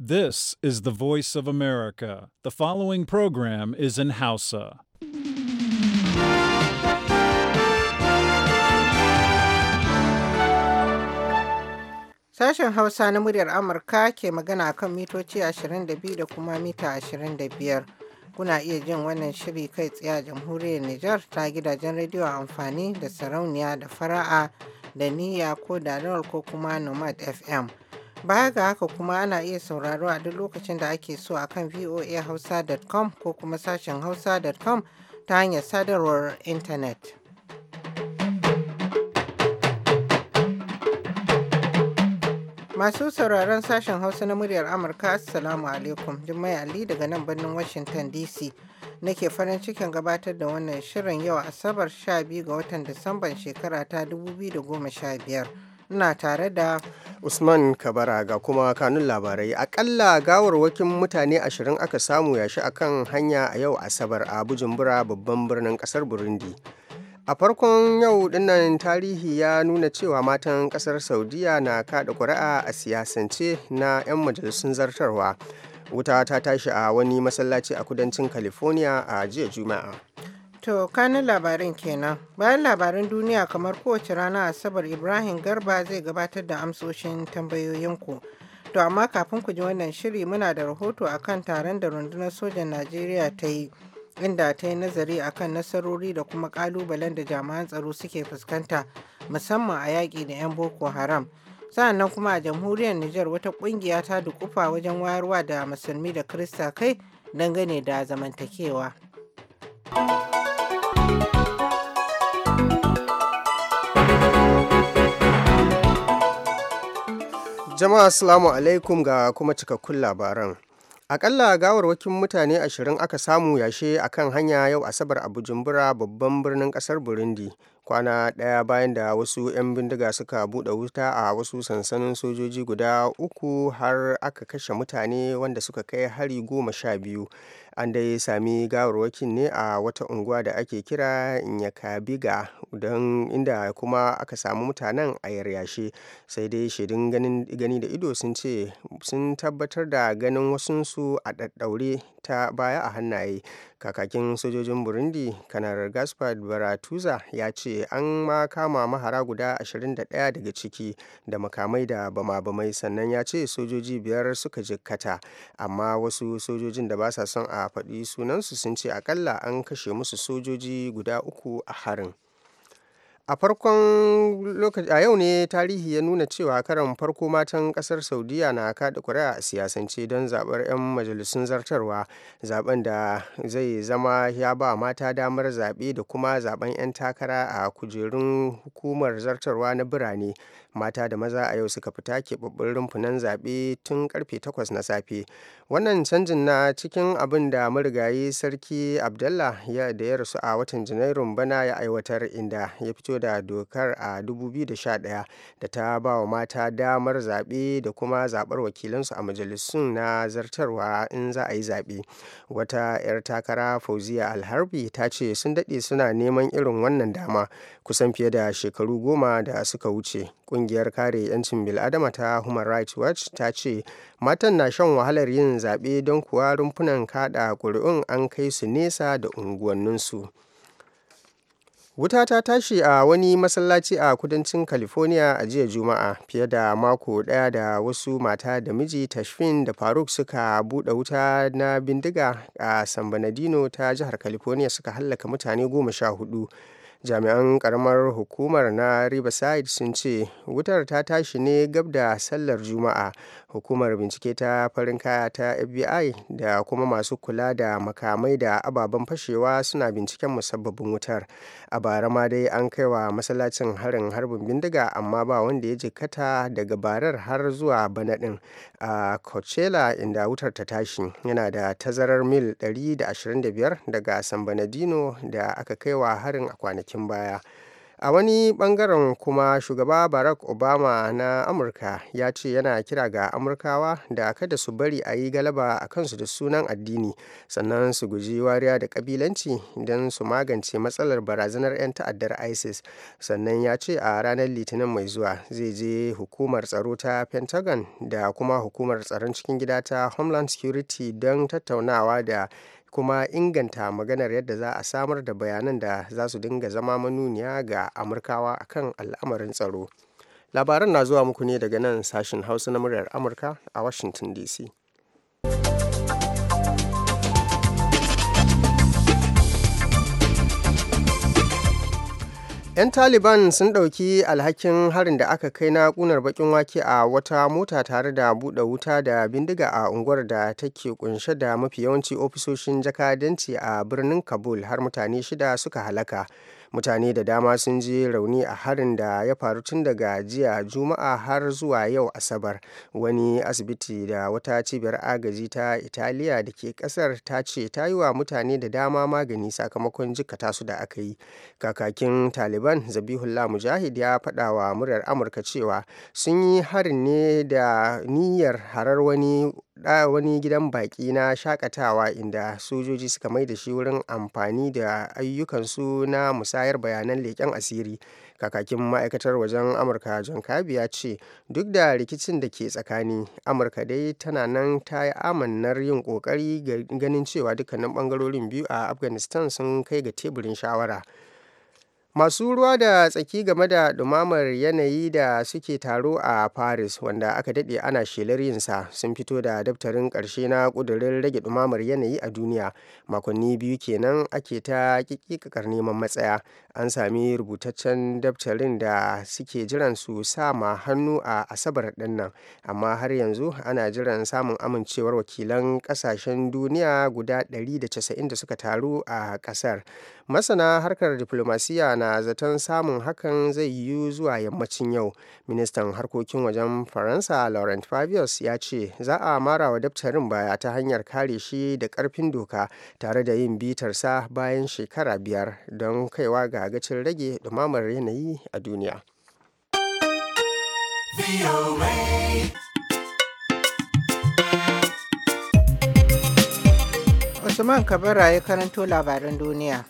This is the voice of America. The following program is in Hausa. Sashen Hausa na muryar Amurka ke magana kan mitoci 22 da kuma mita 25. Kuna iya jin wannan shiri kai tsaye jamhuriyar Nijar ta gidajen rediyo amfani da sarauniya da fara'a da niyya ko da ko kuma Nomad FM. Baya ga haka kuma ana iya sauraro a duk lokacin da ake so a kan voahausa.com ko kuma sashen hausa.com ta hanyar sadarwar intanet. Masu sauraron sashen Hausa na muryar Amurka Assalamu alaikum Jummai Ali daga nan birnin Washington DC nake farin cikin gabatar da wannan shirin yau Asabar 12 ga watan Disamban shekara ta 2015 ina tare da Usman Kabara ga kuma kanun labarai akalla gawarwakin mutane ashirin aka samu yashi akan hanya a yau Asabar a Bujumbura babban birnin kasar Burundi. A farkon yau dinnan tarihi ya nuna cewa matan kasar Saudiya na kada kuri'a a siyasance na 'yan majalisun zartarwa. Wuta ta tashi a wani masallaci a kudancin California a jiya Juma'a. To kanin labarin kenan. Bayan labarin duniya kamar kowace rana Asabar Ibrahim Garba zai gabatar da amsoshin tambayoyinku. To amma kafin ku ji wannan shiri muna da rahoto akan taron da rundunar sojan Najeriya ta yi inda ta yi nazari akan nasarori da kuma kalubalen da jami'an tsaro suke fuskanta musamman a yaƙi da 'yan Boko Haram. nan kuma a jamhuriyar Nijar wata ƙungiya ta dukufa wajen wayarwa da musulmi da Krista kai dangane da zamantakewa. Jama'a Assalamu alaikum ga kuma cikakkun labaran. Akalla gawarwakin mutane ashirin aka samu yashe a kan hanya yau Asabar a Bujumbura babban birnin kasar Burundi. kwana ɗaya bayan da wasu 'yan bindiga suka buɗe wuta a wasu sansanin sojoji guda uku har aka kashe mutane wanda suka kai hari goma sha biyu an dai sami gawarwakin ne a wata unguwa da ake kira nyakabiga don inda kuma aka samu mutanen a yaryashe sai dai shaidun gani da ido sun ce sun tabbatar da ganin wasunsu a ɗaɗɗaure ta baya a hannaye kakakin sojojin burundi kanar gaspard baratuza ya ce an ma kama mahara guda 21 daga ciki da makamai da bama-bamai sannan ya ce sojoji biyar suka jikkata amma wasu sojojin da ba sa son a faɗi sunansu sun ce akalla an kashe musu sojoji guda uku a harin a farkon lokaci a yau ne tarihi ya nuna cewa karan farko matan kasar saudiya na kada kuri'a a siyasance don zaɓar 'yan majalisun zartarwa zaɓen da zai zama ya ba mata damar zaɓe da kuma zaɓen 'yan takara a kujerun hukumar zartarwa na birane mata da maza a yau suka fita keɓaɓɓun rumfunan zaɓe tun karfe 8 na safe wannan canjin na cikin abin da marigayi sarki abdallah ya da ya rasu a watan janairun bana ya aiwatar inda ya fito da dokar a 2011 da ta ba wa mata damar zaɓe da kuma zaɓar wakilansu a majalisun na zartarwa in za a yi zaɓe wata 'yar takara fauziya alharbi ta ce sun daɗe suna neman irin wannan dama kusan fiye da shekaru goma da suka wuce ƙungiyar kare 'yancin bil'adama ta human rights watch ta ce matan na shan wahalar yin zaɓe don kuwa rumfunan kaɗa ƙuri'un an kai su nesa da unguwanninsu wuta ta tashi a wani masallaci a kudancin california a jiya juma'a fiye da mako ɗaya da wasu mata da miji tashfin da faruk suka buɗe wuta na bindiga a san ta jihar california suka hallaka mutane goma sha hudu jami'an karamar hukumar na riverside sun ce wutar ta tashi ne gab da sallar juma'a hukumar bincike ta farin kaya ta fbi da kuma masu kula da makamai da ababen fashewa suna binciken musabbabin wutar a bara ma dai an kai wa masallacin harin harbin bindiga amma ba wanda ya jikata daga barar har zuwa bana din a coachella inda wutar ta tashi yana da tazarar mil 125 daga san banadino da aka kai wa harin a kwanakin baya a wani bangaren kuma shugaba barack obama na amurka ya ce yana kira ga amurkawa da kada su bari a yi galaba a kansu da sunan addini sannan su guji wariya da kabilanci don su magance matsalar barazanar 'yan ta'addar isis sannan ya ce a ranar litinin mai zuwa zai je hukumar tsaro ta pentagon da kuma hukumar tsaron cikin gida ta homeland security don tattaunawa da kuma inganta maganar yadda za a samar da bayanan da za su dinga zama manuniya ga amurkawa akan al'amarin tsaro labaran na zuwa muku ne daga nan sashen hausa na muryar amurka a washington dc 'Yan Taliban sun dauki alhakin harin da aka kai na kunar bakin wake a wata mota tare da buɗe wuta da bindiga a unguwar da take kunshe da mafi yawanci ofisoshin jakadanci a birnin Kabul har mutane shida suka halaka. mutane da dama sun je rauni a harin da ya faru tun daga jiya juma'a har zuwa yau asabar wani asibiti da wata cibiyar agaji ta italiya da ke kasar ta ce ta yi wa mutane da dama magani sakamakon jikata su da aka yi kakakin taliban zabihullah mujahid ya faɗa wa muryar amurka cewa sun yi harin ne da niyyar harar wani a wani gidan baƙi na shakatawa inda sojoji suka mai da shi wurin amfani da ayyukansu na musayar bayanan leƙen asiri kakakin ma'aikatar wajen amurka john kabi ya ce duk da rikicin da ke tsakani amurka dai tana nan ta yi amannar yin ƙoƙari ganin cewa dukkanin bangarorin biyu a afghanistan sun kai ga teburin shawara masu ruwa da tsaki game da ɗumamar yanayi da suke taro a paris wanda aka daɗe ana shelar yinsa sun fito da daftarin ƙarshe na ƙudurin rage ɗumamar yanayi a duniya makonni biyu kenan ake ta ƙiƙiƙar neman matsaya an sami rubutaccen daftarin da suke jiran su sama hannu a asabar ɗinnan amma har yanzu ana jiran samun amincewar wakilan ƙasashen duniya guda 190 da suka taru a ƙasar masana harkar diflomasiyya na zaton samun hakan zai yiwu zuwa yammacin yau ministan harkokin wajen faransa laurent fabius ya ce za a mara wa daftarin baya ta hanyar kare shi da karfin doka tare da yin bitarsa bayan shekara biyar don kaiwa ga gacin rage dumamar yanayi a duniya Usman Kabara ya karanto labaran duniya.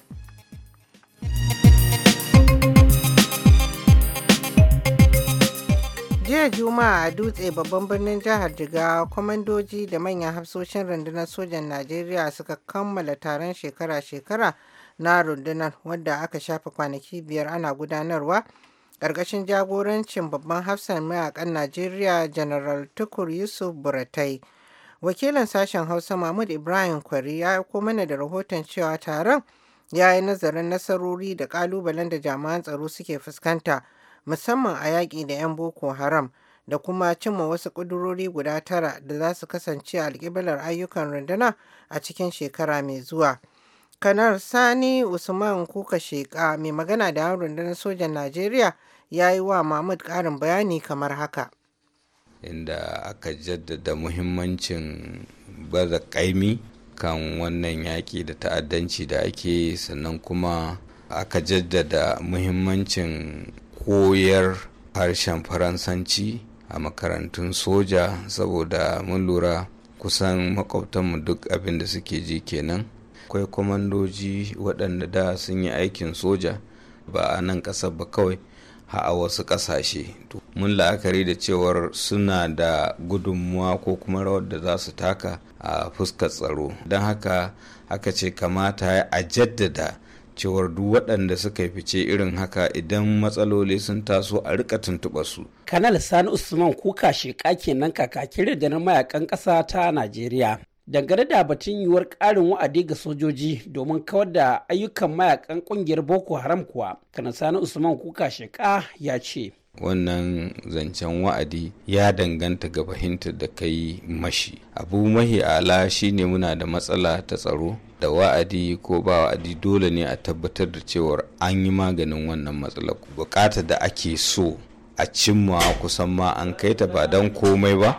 jiya juma'a a dutse babban birnin jihar jigawa kwamandoji da manyan hafsoshin rundunar sojan najeriya suka kammala taron shekara-shekara na rundunar wadda aka shafa kwanaki biyar ana gudanarwa ƙarƙashin jagorancin babban hafsan mayakan najeriya general tukur yusuf buratai wakilin sashen hausa mahmud ibrahim kwari ya aiko mana da rahoton cewa taron ya yi nazarin nasarori da ƙalubalen da jami'an tsaro suke fuskanta musamman a yaƙi da 'yan Boko Haram da kuma cimma wasu ƙudurori guda tara da za su kasance alƙiblar ayyukan rundunar a cikin shekara mai zuwa. Kanar Sani Usman Kuka Sheka mai magana da yawon rundunar sojan Najeriya ya yi wa Mahmud ƙarin bayani kamar haka. Inda aka jaddada muhimmancin baza ƙaimi kan wannan yaƙi da ta'addanci da ake sannan kuma aka jaddada muhimmancin koyar harshen faransanci a makarantun soja saboda mun lura kusan makwabtanmu duk abin da suke ji kenan akwai kwamandoji waɗanda da sun yi aikin soja ba a nan ƙasa ba kawai ha a wasu ƙasashe mun la'akari da cewar suna da gudunmuwa ko kuma rawar da za su taka a fuskar tsaro don haka aka ce kamata a jaddada cewar duk waɗanda suka fice irin haka idan matsaloli sun taso a rika tuntuɓa su. kanal sani usman kuka sheka kenan kakakin da na mayakan ƙasa ta najeriya dangane da batun yiwuwar ƙarin wa'adi ga sojoji domin kawar da ayyukan mayakan ƙungiyar boko haram kuwa kanal sani usman kuka sheka ya ce. wannan zancen wa'adi ya danganta ga fahimtar da kai mashi abu mahi ala shine muna da matsala ta tsaro da wa'adi ko ba wa'adi dole ne a tabbatar da cewar an yi maganin wannan matsalar bukata da ake so a cimma kusan ma an kai ta ba don komai ba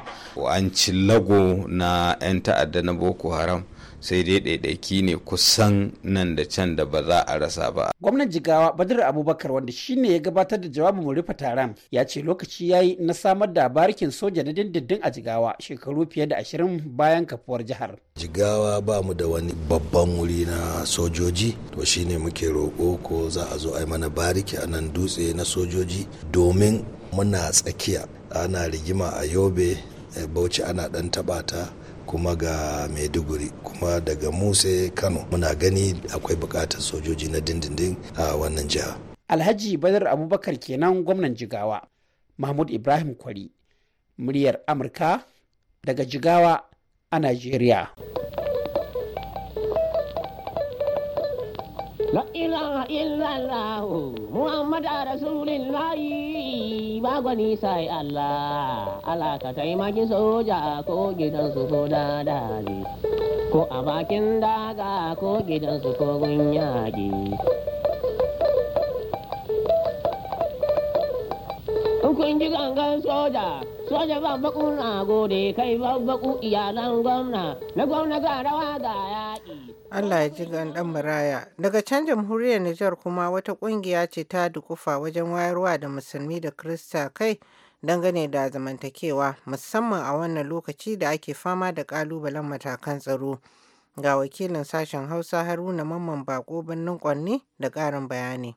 an ci lago na 'yan ta'adda na boko haram sai dai ɗaiɗaiki ne kusan nan da can da ba za a rasa ba. Gwamnan Jigawa Badar Abubakar wanda shine ya gabatar da jawabin mu rufe taron ya ce lokaci yi na samar da barikin soja na dindindin a Jigawa shekaru fiye da ashirin bayan kafuwar jihar. Jigawa ba mu da wani babban wuri na sojoji to shine muke roƙo ko za a zo a yi mana bariki a nan dutse na sojoji domin muna tsakiya ana rigima a yobe eh, bauchi ana ɗan taɓata. kuma ga maiduguri kuma daga musa kano muna gani akwai bukatar sojoji na dindindin a wannan jiha alhaji badar abubakar kenan gwamnan jigawa mahmud ibrahim kwari muryar amurka daga jigawa a najeriya La ilaha illallah Muhammad Rasulullah ba gwani sai Allah Ala ka taimaki soja ko gidan su ko dadali ko a bakin daga ko gidan su ko gunyaki kun ji gangan soja soja babbaku na gode kai babbaku iyalan gwamna na gwamna ga rawa ga yaƙi. Allah ya ji gan maraya. Daga can jamhuriyar Nijar kuma wata ƙungiya ce ta dukufa wajen wayarwa da musulmi da Kirista kai dangane da zamantakewa musamman a wannan lokaci da ake fama da ƙalubalen matakan tsaro. Ga wakilin sashen Hausa Haruna Mamman Bako birnin Kwanne da ƙarin bayani.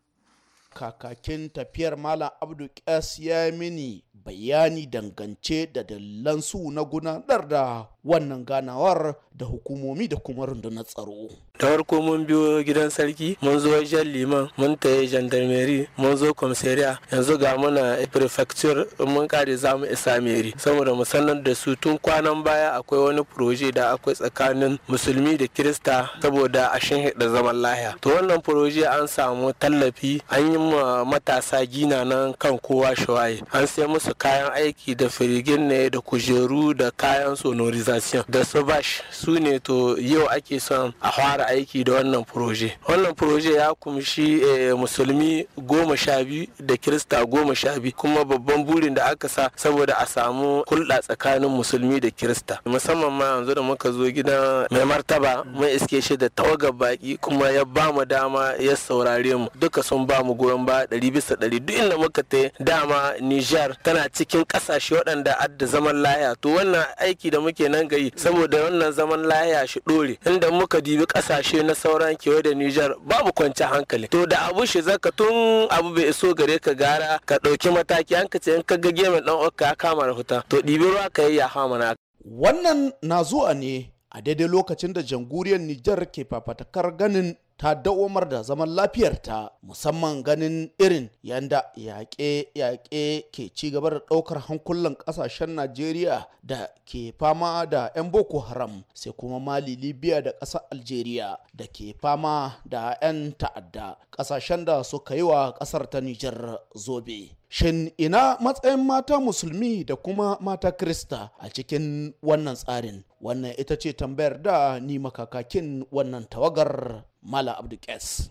Kakakin tafiyar Malam Abdu Ƙas ya mini bayani dangance da dalilansu na gudanar da wannan ganawar da hukumomi da kuma rundunar tsaro. Da farko mun biyo gidan sarki, mun zo wajen liman, mun taye jandarmeri mun zo komisariya, yanzu ga muna prefecture mun kare za mu isa meri. Saboda mu sanar da su tun kwanan baya akwai wani proje da akwai tsakanin musulmi da kirista saboda a da zaman lahiya. To wannan proje an samu tallafi an yi matasa gina nan kan kowa shawaye. An sai musu su kayan aiki da firigin ne da kujeru da kayan sonorization da su bash su ne to yau ake son a fara aiki da wannan proje wannan proje ya kumshi eh, musulmi goma sha biyu da kirista goma sha biyu kuma babban burin da aka sa saboda a samu hulɗa tsakanin musulmi da kirista musamman ma yanzu da muka zo gidan mai martaba mai iske shi da tawagar baki kuma ya ba mu dama ya saurare mu duka sun ba mu goyon ba ɗari bisa ɗari duk inda muka ta dama nijar tana ana cikin kasashe waɗanda adda zaman laya to wannan aiki da muke nan gayi saboda wannan zaman laya shi dore inda muka dibi kasashe na sauran kewaye da Nijar babu kwanci hankali to da abu shi zaka tun abu bai iso gare ka gara ka ɗauki mataki an ka ce in ka ga gemen dan uwarka ya kama rahuta to ɗibi ruwa ka yi ya hama wannan na zuwa ne a daidai lokacin da janguriyar Nijar ke fafatakar ganin ta dawamar da zaman lafiyarta musamman ganin irin yanda yaƙe-yaƙe ke ci gaba da ɗaukar hankulan ƙasashen najeriya da ke fama da 'yan boko haram sai kuma mali libya da ƙasar algeria da ke fama da 'yan ta'adda ƙasashen da suka yi wa ƙasar ta nijar zobe Shin ina matsayin mata musulmi da kuma mata Krista a cikin wannan tsarin? Wannan ita ce tambayar da ni makakakin wannan tawagar Mala Abdu Kes.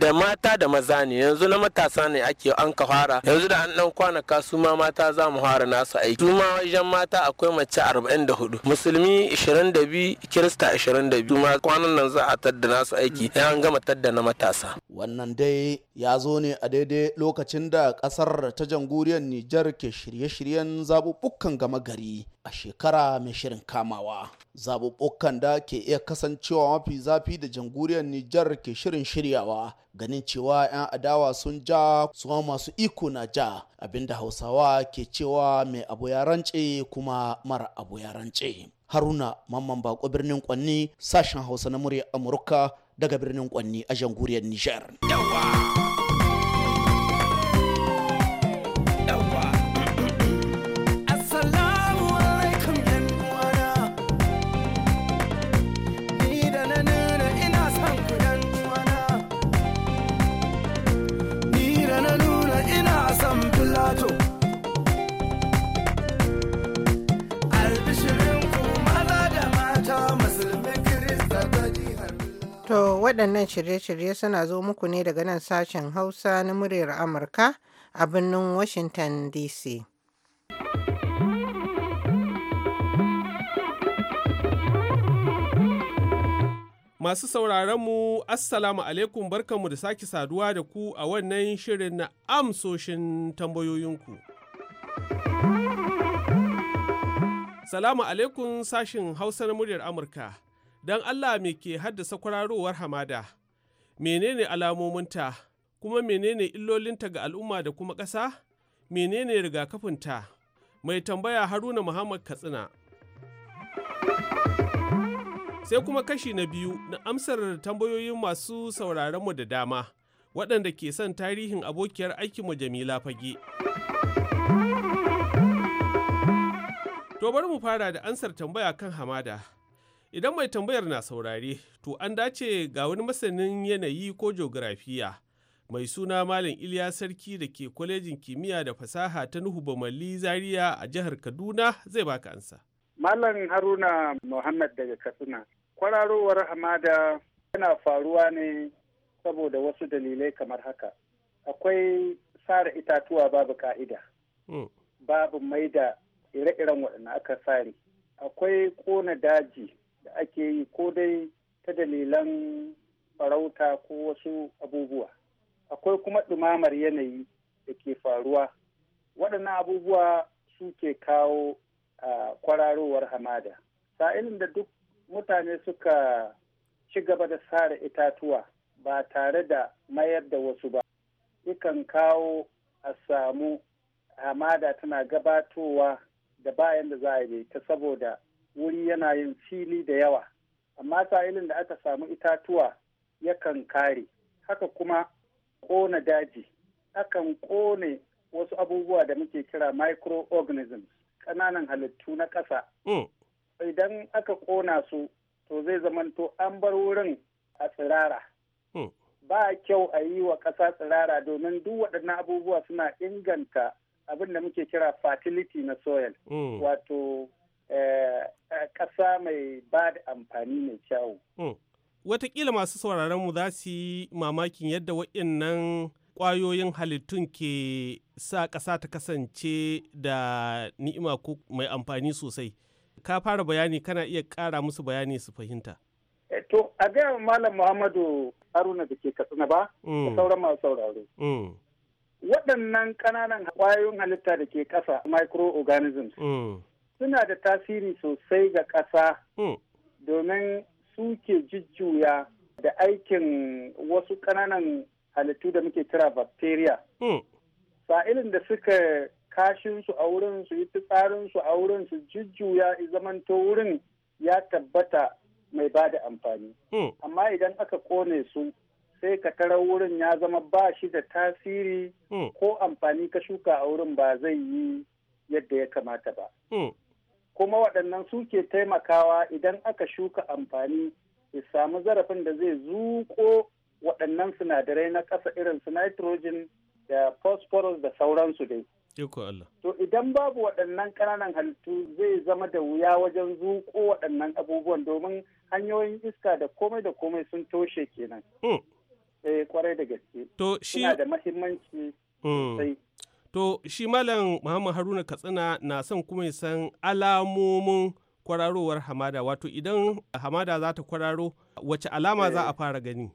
da mata da maza ne yanzu na matasa ne ake an ka fara yanzu da an dan kwanaka su ma mata za mu fara nasu aiki. Su ma wajen mata akwai mace 44 musulmi 22 kirista 22 ma kwanan nan za a tadda nasu aiki ya an gama tadda na matasa. Wannan dai ya zo ne a daidai lokacin da kasar ta jamhuriyar Nijar ke shirye-shiryen zaɓuɓɓukan gama gari a shekara mai shirin kamawa. Zaɓuɓɓukan da ke iya kasancewa mafi zafi da janguriyar Nijar ke shirin shiryawa ganin cewa 'yan adawa sun ja suma masu iko na ja abinda Hausawa ke cewa mai abu ya rance kuma mara abu ya rance. Haruna Mamman Bako birnin Kwanni sashen Hausa na murya Amurka daga birnin Kwanni a janguriyar Nijar. waɗannan shirye-shirye suna zo muku ne daga nan sashen Hausa na muryar Amurka a birnin Washington DC. Masu sauraron mu Assalamu alaikum barkanmu da sake saduwa da ku a wannan shirin na amsoshin tambayoyinku. Salamu alaikum sashin Hausa na muryar Amurka. don Allah me ke haddasa kwararowar hamada, menene alamominta, kuma menene illolinta ga al'umma da kuma ƙasa, menene rigakafinta, mai tambaya Haruna Muhammad Katsina. Sai kuma kashi na biyu na amsar tambayoyin masu sauraronmu da dama, waɗanda ke son tarihin abokiyar aikinmu Jamila Fage. To bari mu fara da ansar tambaya kan hamada. Idan mai tambayar na saurare, to an dace ga wani masanin yanayi ko geografiya mai suna Malam Iliya Sarki da ke kwalejin kimiyya da fasaha ta Nuhu Bamalli Zaria a jihar Kaduna zai baka ansa. Malam Haruna Muhammad daga Katsina. Kwararowar hamada yana faruwa ne saboda wasu dalilai kamar haka. Akwai sare itatuwa babu ka'ida. Hmm. Babu maida ire-iren waɗanda aka sare. Akwai kona daji da ake yi ko dai ta dalilan farauta ko wasu abubuwa akwai kuma ɗumamar yanayi da ke faruwa waɗannan abubuwa suke kawo a kwararowar hamada sa'ilin da duk mutane suka ci gaba da sare itatuwa ba tare da mayar da wasu ba yakan kawo a samu hamada tana gabatowa da bayan da za a yi ta saboda wuri yana yin fili da yawa amma ilin da aka samu itatuwa yakan kare haka kuma ƙona daji akan ƙone wasu abubuwa da muke kira microorganisms ƙananan halittu na ƙasa hmm. idan aka ƙona su to zai zamanto an bar wurin a tsirara hmm. ba kyau a yi wa ƙasa tsirara domin duk waɗannan abubuwa suna inganta abin da muke kira fertility na soil hmm. wato Eh, ƙasa mai ba da amfani mai kyawu. Hmm. Watakila masu sauraron mu za su yi mamakin yadda waɗannan ƙwayoyin halittun ke sa ƙasa ta kasance da ni'ima ko mai amfani sosai. Ka fara bayani kana iya ƙara musu bayani su fahimta. Eh, to, a gaya Malam Muhammadu Haruna da ke Katsina ba, hmm. sauran masu sauraro. Hmm. Waɗannan ƙananan ƙwayoyin halitta da ke ƙasa microorganisms. suna da tasiri sosai ga ƙasa hmm. domin suke jujjuya da aikin wasu ƙananan halittu da muke kira bacteria. Hmm. Sa'ilin da suka kashinsu a wurin su yi fitsarinsu a wurin su jujjuya zamanto wurin ya tabbata mai ba da amfani. Hmm. Amma idan aka kone su sai ka tarar wurin ya zama ba shi da tasiri ko amfani ka shuka a wurin ba zai yi yadda ya kamata ba. kuma waɗannan suke taimakawa idan aka shuka amfani ya samu zarafin da zai zuƙo waɗannan sinadarai na ƙasa irin su nitrogen da phosphorus da sauransu dai. Allah. To idan babu waɗannan ƙananan halittu zai zama da wuya wajen zuƙo waɗannan abubuwan domin hanyoyin iska da komai da komai sun toshe kenan. Oh. Eh kwarai da gaske. To shi. Suna da mahimmanci. Oh. To shi Malam Muhammad Haruna Katsina na son kuma ya san alamomin kwararowar hamada wato idan hamada za ta kwararo wace alama za a eh. fara gani?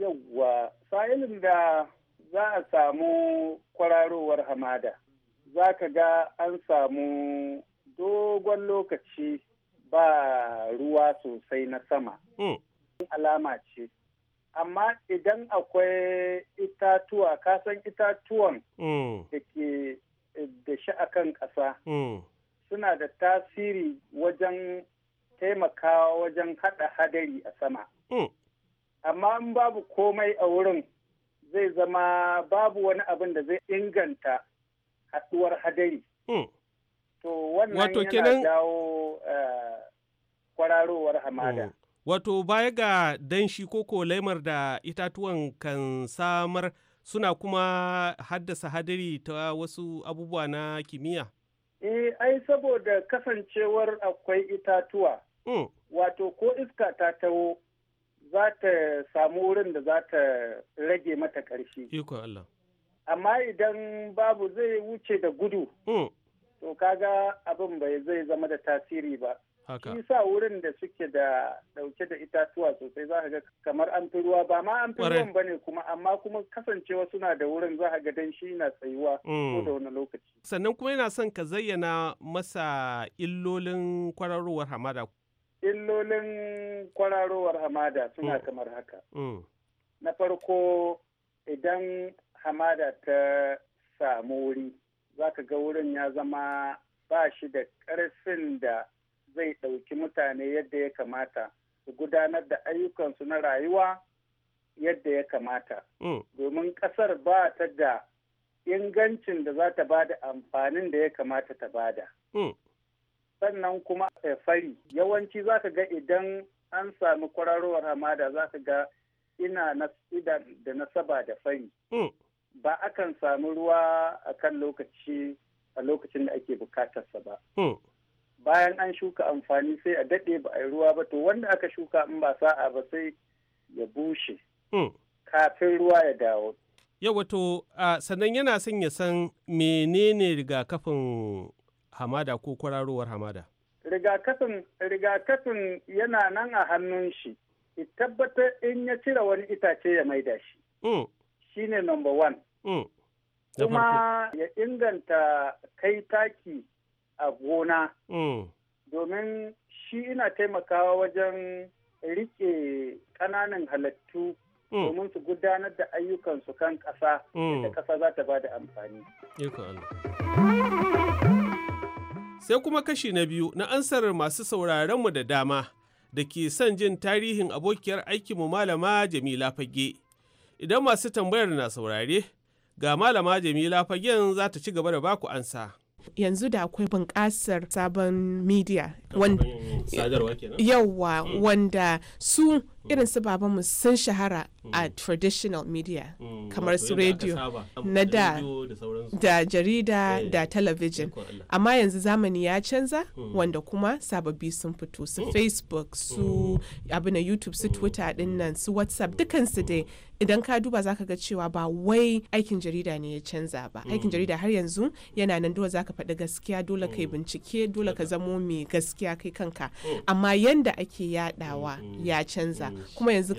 Yawwa, sa'ilin da za a samu kwararowar hamada za ka ga an samu dogon lokaci ba ruwa sosai na sama. Hmm. Alama ce amma idan akwai itatuwa kasan itatuwan mm. da ke da shi a kan ƙasa mm. suna da tasiri wajen taimakawa wajen haɗa hadari a sama mm. amma in babu komai a wurin zai zama babu wani abin da zai inganta haɗuwar hadari to wannan yana dawo eh, kwararowar hamada Wato baya ga danshi koko laimar da itatuwan kan samar suna kuma haddasa hadari ta wasu abubuwa na kimiyya? e ai saboda kasancewar akwai itatuwa. Mm. Wato ko iska ta taho za ta samu wurin da za ta rage mata ƙarfi. Iko Allah. Amma idan babu zai wuce da gudu. Mm. To kaga abin bai zai zama da tasiri ba. Shi sa wurin da suke da dauke da itatuwa sosai za ga kamar an fi ruwa ba ma an fi ruwan ba ne kuma amma kuma kasancewa suna da wurin za ga dan shi na tsayuwa ko mm. da wani lokaci. Sannan kuma yana son ka zayyana masa illolin kwararowar hamada. Illolin kwararowar hamada suna mm. kamar haka. Mm. Na farko idan hamada ta samu wuri za ka ga wurin ya zama ba shi da ƙarfin da zai ɗauki mutane yadda ya kamata su gudanar da ayyukansu na rayuwa yadda ya kamata. Mm. Domin ƙasar ba ta da ingancin da za ta bada amfanin da ya kamata ta bada. Mm. Sannan kuma a eh, fari yawanci za ka ga idan an sami kwararowar hamada za ka ga ina da nasaba da fari. Mm. Ba akan sami ruwa a kan lokaci a lokacin da ake bukatarsa ba. bayan an shuka amfani sai a daɗe ba a yi ruwa ba to wanda aka shuka in ba sa'a ba sai ya bushe hmm. kafin ruwa ya dawo yau wato sannan yana son ya san menene rigakafin hamada ko kwararowar hamada rigakafin rigakafin yana nan a hannun shi tabbatar in ya cire wani itace ya maida shi hmm. shi ne number one hmm. kuma ya inganta kai taki a gona. Mm. Domin shi ina taimakawa wajen riƙe ƙananan halattu mm. domin su gudanar da ayyukansu kan ƙasa mm. da ƙasa za ta ba da amfani. Sai kuma kashi na biyu na ansar masu sauraronmu da dama da ke son jin tarihin abokiyar aikinmu Malama Jamila Fage. Idan masu tambayar na saurare, ga Malama Jamila Fagen za ta ci gaba da baku ansa. yanzu da akwai bunƙasar sabon media yawa mm. wanda su mm. irin su babanmu sun shahara mm. a traditional media kamar su radio na da da jarida eh, da television amma yanzu zamani ya canza wanda kuma sababbi sun fito su facebook su abu na youtube su twitter din nan su whatsapp dukansu dai idan ka duba zaka ga cewa ba wai aikin jarida ne ya canza ba aikin jarida har yanzu yana nan dole zaka faɗi gaskiya dole kai bincike dole ka zamo mai gaskiya gaskiya kai kanka hmm. amma yanda ake yadawa hmm, hmm. ya canza kuma yanzu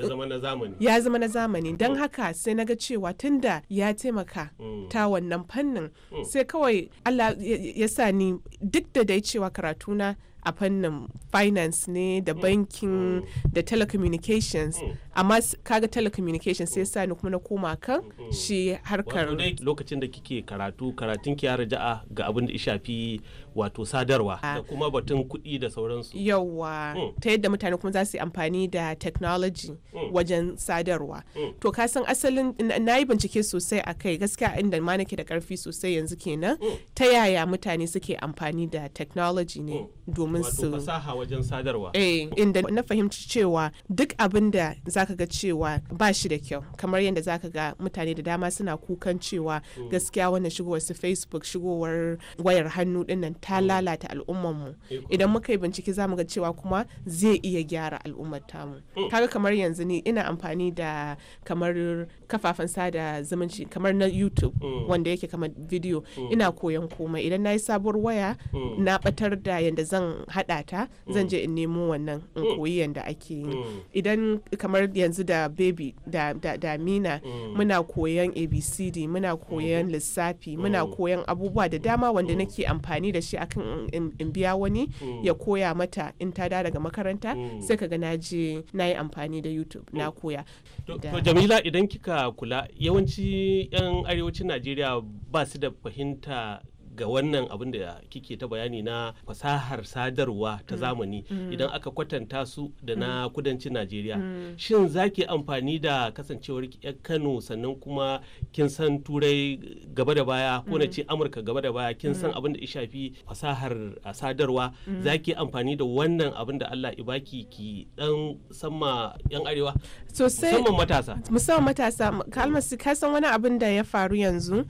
ya zama na zamani don haka sai na ga cewa tunda ya taimaka ta wannan fannin sai kawai Allah ya sa ni duk da dai cewa karatuna a fannin finance ne da mm. banking mm. da telecommunications mm. amma kaga telecommunications sai sa ni kuma na koma kan shi harkar lokacin da kike karatu karatun ki ya raja'a ga abin da shafi wato sadarwa da ah. kuma batun kuɗi da sauransu yawa ta yadda mutane kuma za su yi amfani da technology wajen sadarwa to ka san asalin na yi bincike sosai a kai gaskiya inda ma nake da karfi sosai yanzu kenan ta yaya mutane suke amfani da technology ne domin domin su fasaha wajen sadarwa eh inda na fahimci cewa duk abin da zaka ga cewa ba shi da kyau kamar yadda zaka ga mutane da dama suna kukan cewa mm. gaskiya wannan shigowar su facebook shigowar wayar hannu dinnan ta mm. lalata al'ummar mu eh, idan muka yi bincike zamu ga cewa kuma zai iya gyara al'ummar tamu mm. kaga kamar yanzu ni ina amfani da kamar kafafen sada zumunci kamar na youtube wanda yake kamar video ina koyan komai idan na yi sabuwar waya na batar da yadda zan in haɗa ta zan mm. je in nemo wannan in mm. koyi yadda ake yi mm. idan kamar yanzu da baby da da mina muna koyan abcd muna koyan lissafi muna koyan abubuwa da dama wanda nake amfani da shi akan in biya wani ya koya mata in ta da daga makaranta sai kaga na je na yi amfani da youtube na koya to jamila idan kika kula yawanci yan arewacin najeriya ba su da fahimta ga wannan abin da kike ta bayani na fasahar sadarwa ta mm. zamani mm. idan aka kwatanta su da na mm. kudancin najeriya shin za ki amfani da kasancewar yan kano sannan kuma kin san turai gaba da baya ko na ce amurka gaba da baya kin san abin da ya shafi fasahar sadarwa za ki amfani da wannan abin da allah ibaki ki dan sama yan arewa musamman matasa musamman matasa kalmar ka san wani abin da ya faru yanzu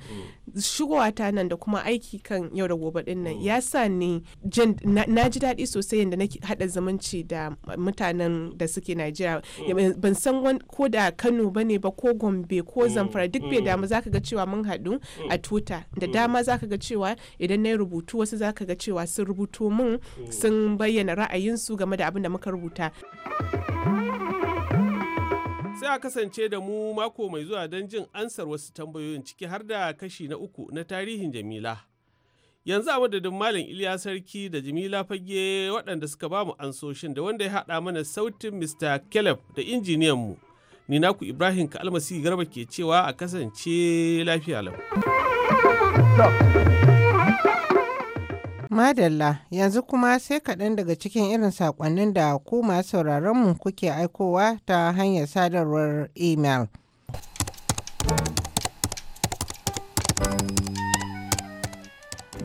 shigowa ta nan da kuma aiki aiki kan yau da gobe din nan mm. ya sa ni na ji daɗi sosai yadda na haɗa zumunci da mutanen da suke Najeriya mm. ban san ko da Kano ba ne ba ko Gombe ko mm. Zamfara duk bai damu zaka ga cewa mun haɗu a tuta da dama zaka ga cewa idan na rubutu wasu zaka ga cewa sun rubuto mun sun bayyana ra'ayinsu game da abin da muka rubuta. sai a kasance da mu mako mai zuwa don jin ansar wasu tambayoyin ciki har da kashi na uku na tarihin jamila Yanzu a madadin Malam Iliya Sarki da Jamila Fage waɗanda suka ba mu ansoshin da wanda ya haɗa mana sautin Mr. Caleb da injiniyanmu. Ni naku Ibrahim Kalmasi Garba ke cewa a kasance lafiya lau. Madalla yanzu kuma sai kaɗan daga cikin irin saƙonnin da ku masu sauraronmu kuke aikowa ta hanyar sadarwar email.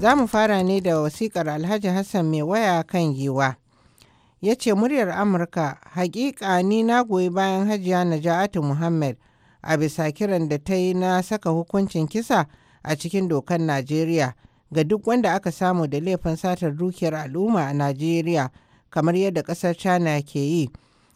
Za mu fara ne da wasikar Alhaji Hassan mai waya kan giwa. Ya ce muryar Amurka, hakika ni na goyi bayan hajiya Naja'atu Muhammad a bisa kiran da ta yi na saka hukuncin kisa a cikin dokar Najeriya ga duk wanda aka samu da laifin satar dukiyar al'umma a Najeriya kamar yadda ƙasar China ke yi.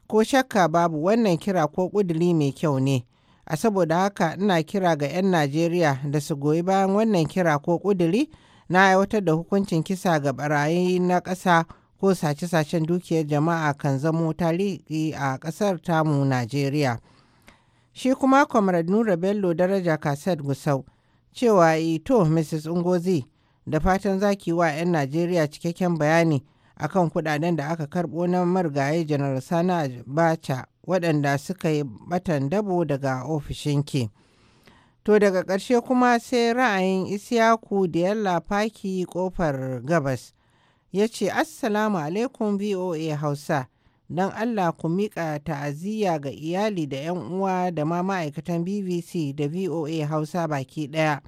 Ko shakka babu wannan kira ko ƙuduli mai kyau ne. A saboda haka ina kira ga 'yan Najeriya da su goyi bayan wannan kira ko ƙuduli na aiwatar da hukuncin kisa ga barayi na ƙasa ko sace-sacen dukiyar jama'a kan zamo tarihi a ƙasar tamu Najeriya. Shi kuma Comrade Nura Bello daraja Kaset Gusau cewa ito Mrs. Ngozi da fatan zaki wa 'yan Najeriya cikakken bayani akan kuɗaɗen da aka karɓo na marigayi Janar Sana Bacha waɗanda suka yi batan dabo daga ofishinki. To daga ƙarshe kuma sai ra'ayin Isiyaku da Yalla Faki ƙofar gabas. Ya ce, Assalamu alaikum VOA Hausa, don Allah ku miƙa ta'aziyya ga iyali da 'yan uwa da ma ma'aikatan BBC da VOA Hausa baki ɗaya.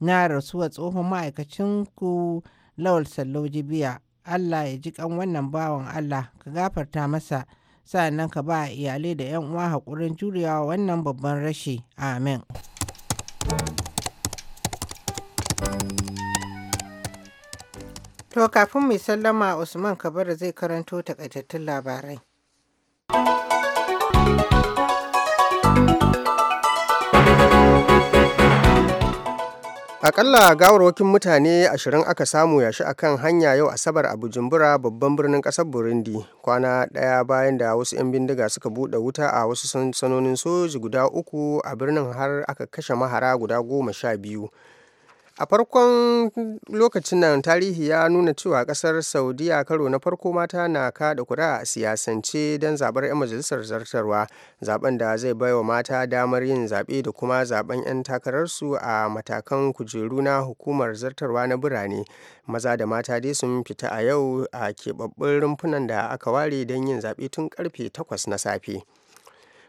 Na rasuwa tsohon ma'aikacinku Lawal salloji biya! Allah ya ji kan wannan bawan Allah ka gafarta masa. sa'annan ka ba iyalai da 'yan uwa haƙurin jurewa wannan babban rashi amin To kafin mai sallama Usman Kabara zai karanto takaitattun labarai. akalla gawarwakin mutane ashirin aka samu yashi a kan hanya yau asabar a bujumbura babban birnin kasar burundi kwana daya bayan da wasu 'yan bindiga suka buɗe wuta a wasu sansanonin soji guda uku a birnin har aka kashe mahara guda goma sha biyu a farkon lokacin nan tarihi ya nuna cewa kasar saudiya karo na farko mata na kada kura a siyasance don zabar 'yan majalisar zartarwa zaben da zai baiwa mata damar yin zaɓe da kuma zaben 'yan takararsu a matakan kujeru na hukumar zartarwa na birane maza da mata dai sun fita a yau a keɓaɓɓun rumfunan da aka ware don yin zaɓe tun karfe 8 na safe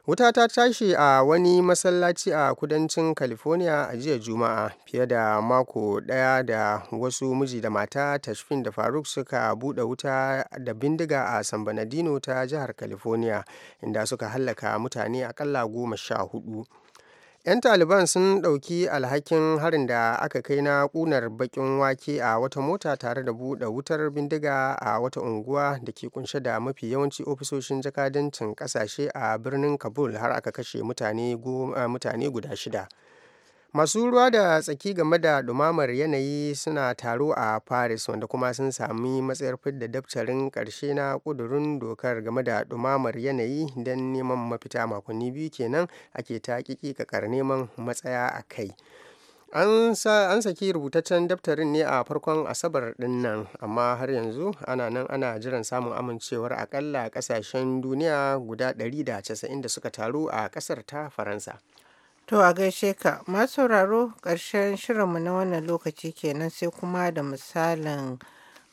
wuta ta tashi a wani masallaci a kudancin california a jiya juma'a fiye da mako daya da wasu miji da mata tashfin da faruk suka bude wuta da bindiga a san bernardino ta jihar california inda suka hallaka mutane akalla goma sha hudu 'yan taliban sun ɗauki alhakin harin da aka kai na ƙunar baƙin wake a wata mota tare da buɗe wutar bindiga a wata unguwa da ke kunshe da mafi yawanci ofisoshin jakadancin ƙasashe a birnin kabul har aka kashe mutane guda shida masu ruwa da tsaki game da dumamar yanayi suna taro a paris wanda kuma sun sami matsayar fidda daftarin ƙarshe na kudurin dokar game da dumamar yanayi don neman mafita makonni biyu kenan ake ta kikikakar neman matsaya a kai an saki rubutaccen daftarin ne a farkon asabar ɗinnan amma har yanzu ana nan ana jiran samun amincewar akalla ƙasashen duniya guda 190 da suka taru a ƙasar ta faransa To a gaishe ka, ma sauraro ƙarshen shirinmu na wannan lokaci kenan sai kuma da misalin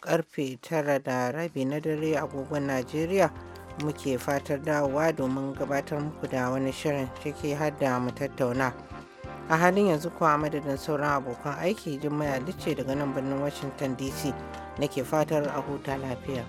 karfe tara da rabi na dare agogon Najeriya muke fatar dawowa domin gabatar muku da wani shirin ciki har da mu tattauna. A halin yanzu kuwa madadin sauran abokan aiki jimaya ce daga nan birnin Washington DC nake fatar a huta lafiya.